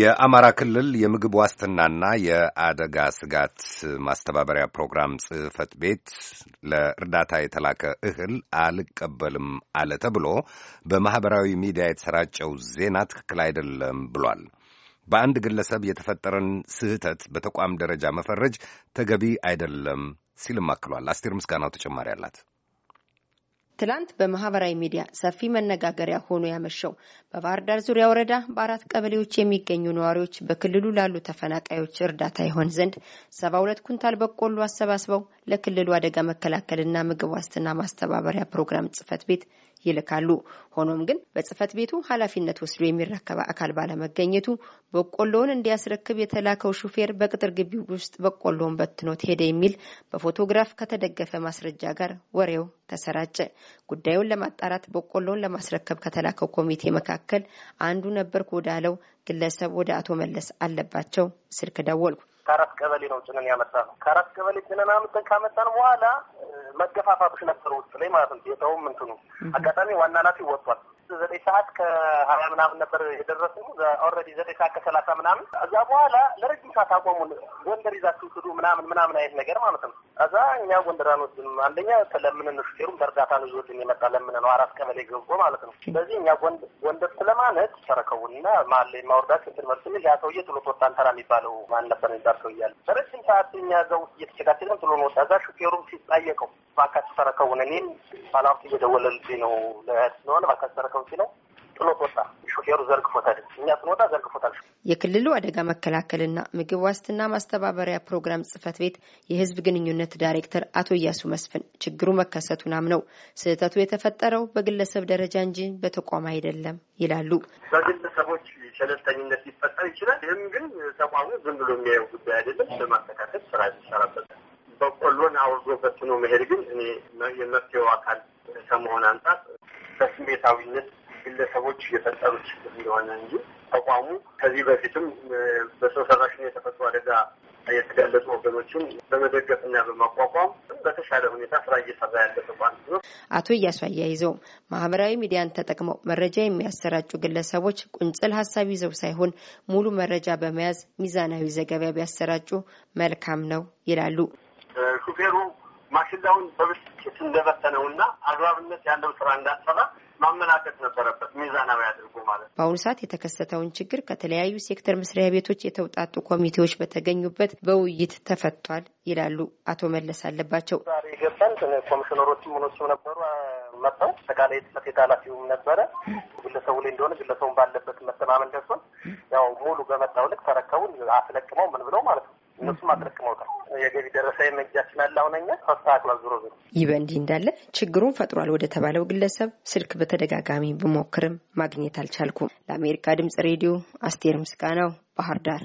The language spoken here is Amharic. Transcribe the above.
የአማራ ክልል የምግብ ዋስትናና የአደጋ ስጋት ማስተባበሪያ ፕሮግራም ጽህፈት ቤት ለእርዳታ የተላከ እህል አልቀበልም አለ ተብሎ በማኅበራዊ ሚዲያ የተሰራጨው ዜና ትክክል አይደለም ብሏል። በአንድ ግለሰብ የተፈጠረን ስህተት በተቋም ደረጃ መፈረጅ ተገቢ አይደለም ሲልም አክሏል። አስቴር ምስጋናው ተጨማሪ አላት። ትላንት በማህበራዊ ሚዲያ ሰፊ መነጋገሪያ ሆኖ ያመሸው በባህር ዳር ዙሪያ ወረዳ በአራት ቀበሌዎች የሚገኙ ነዋሪዎች በክልሉ ላሉ ተፈናቃዮች እርዳታ ይሆን ዘንድ ሰባ ሁለት ኩንታል በቆሎ አሰባስበው ለክልሉ አደጋ መከላከልና ምግብ ዋስትና ማስተባበሪያ ፕሮግራም ጽህፈት ቤት ይልካሉ። ሆኖም ግን በጽህፈት ቤቱ ኃላፊነት ወስዶ የሚረከበ አካል ባለመገኘቱ በቆሎውን እንዲያስረክብ የተላከው ሹፌር በቅጥር ግቢ ውስጥ በቆሎውን በትኖት ሄደ የሚል በፎቶግራፍ ከተደገፈ ማስረጃ ጋር ወሬው ተሰራጨ። ጉዳዩን ለማጣራት በቆሎውን ለማስረከብ ከተላከው ኮሚቴ መካከል አንዱ ነበርኩ ወዳለው ግለሰብ ወደ አቶ መለስ አለባቸው ስልክ ደወልኩ። ከአራት ቀበሌ ነው ጭነን ያመጣ ነው። ከአራት ቀበሌ ጭነን አምጥተን ካመጣን በኋላ መገፋፋቶች ነበሩ ውስጥ ላይ ማለት ነው። ጌታውም እንትኑ አጋጣሚ ዋና ኃላፊ ወጥቷል። ዘጠኝ ሰዓት ከሀያ ምናምን ነበር የደረሱ ኦልሬዲ ዘጠኝ ሰዓት ከሰላሳ ምናምን። እዛ በኋላ ለረጅም ሰዓት አቆሙን። ጎንደር ይዛችሁ ስዱ ምናምን ምናምን አይነት ነገር ማለት ነው። እዛ እኛ ጎንደር አንወስድም። አንደኛ ለምንን ሹፌሩም በእርዳታ ነው ይዞልን የመጣ ለምን ነው አራት ቀበሌ ገብቶ ማለት ነው። ስለዚህ እኛ ጎንደር ስለማነት ተረከቡና መሀል ላይ ማውርዳት እንትን መልስ ያ ሰውዬ ጥሎት ወጣን። ተራ የሚባለው ማን ነበር ዛር ሰውዬ አለ። ለረጅም ሰዓት እኛ እዛ ውስጥ እየተቸጋቸግን ጥሎን ወጣ። እዛ ሹፌሩም ሲጠየቀው እባካችሁ ተረከቡን፣ እኔም ባላንቱ እየደወለልኝ ነው ለያት ስለሆነ እባካችሁ ተረከቡ ሲለው ጥሎት ወጣ። ሾፌሩ ዘርግፎታል። እኛ ስንወጣ ዘርግፎታል። የክልሉ አደጋ መከላከልና ምግብ ዋስትና ማስተባበሪያ ፕሮግራም ጽህፈት ቤት የህዝብ ግንኙነት ዳይሬክተር አቶ እያሱ መስፍን ችግሩ መከሰቱን አምነው ስህተቱ የተፈጠረው በግለሰብ ደረጃ እንጂ በተቋም አይደለም ይላሉ። በግለሰቦች ቸለተኝነት ሊፈጠር ይችላል። ይህም ግን ተቋሙ ዝም ብሎ የሚያየው ጉዳይ አይደለም። በትኖ መሄድ ግን እኔ የመፍትሄው አካል ከመሆን አንጻር በስሜታዊነት ግለሰቦች እየፈጠሩ ችግር እንደሆነ እንጂ ተቋሙ ከዚህ በፊትም በሰው ሰራሽ የተፈጥሮ አደጋ የተጋለጡ ወገኖችን በመደገፍና በማቋቋም በተሻለ ሁኔታ ስራ እየሰራ ያለ ተቋም ነው። አቶ እያሱ አያይዘው ማህበራዊ ሚዲያን ተጠቅመው መረጃ የሚያሰራጩ ግለሰቦች ቁንጽል ሀሳብ ይዘው ሳይሆን ሙሉ መረጃ በመያዝ ሚዛናዊ ዘገባ ቢያሰራጩ መልካም ነው ይላሉ። ሹፌሩ ማሽላውን በብስጭት እንደበተነው አግባብነት ያለው ስራ እንዳሰራ ማመላከት ነበረበት፣ ሚዛናዊ አድርጎ ማለት በአሁኑ ሰዓት የተከሰተውን ችግር ከተለያዩ ሴክተር መስሪያ ቤቶች የተውጣጡ ኮሚቴዎች በተገኙበት በውይይት ተፈቷል ይላሉ አቶ መለስ አለባቸው። ዛሬ ገባን ኮሚሽነሮችም ሆኖችም ነበሩ መጥተው አጠቃላይ የጽህፈት ቤት ኃላፊውም ነበረ። ግለሰቡ ላይ እንደሆነ ግለሰቡን ባለበት መተማመን ደርሶን ያው ሙሉ በመጣው ልክ ተረከቡን አስለቅመው ምን ብለው ማለት ነው እነሱም አስለቅመውታል። የገቢ ደረሰ የመጃችን አለ አሁን እኛ ተስተካክሏል። ዙሮ ዞሮ ይህ በእንዲህ እንዳለ ችግሩን ፈጥሯል ወደ ተባለው ግለሰብ ስልክ በተደጋጋሚ ብሞክርም ማግኘት አልቻልኩም። ለአሜሪካ ድምጽ ሬዲዮ አስቴር ምስጋናው ባህር ዳር